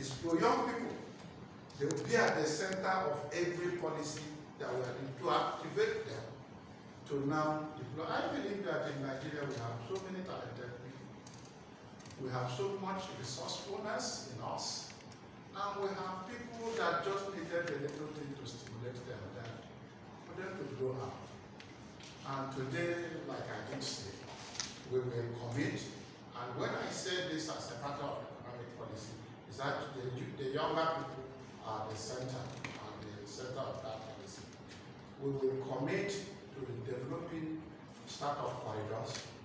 is to young people. They will be at the center of every policy that we are doing to activate them to now deploy. I believe that in Nigeria we have so many talented people. We have so much resourcefulness in us. And we have people that just needed a little thing to stimulate them for them to grow up. And today, like I did say, we will commit. And when I say this as a part of that the, the younger people are the center and the center of that policy. We will commit to developing startup corridors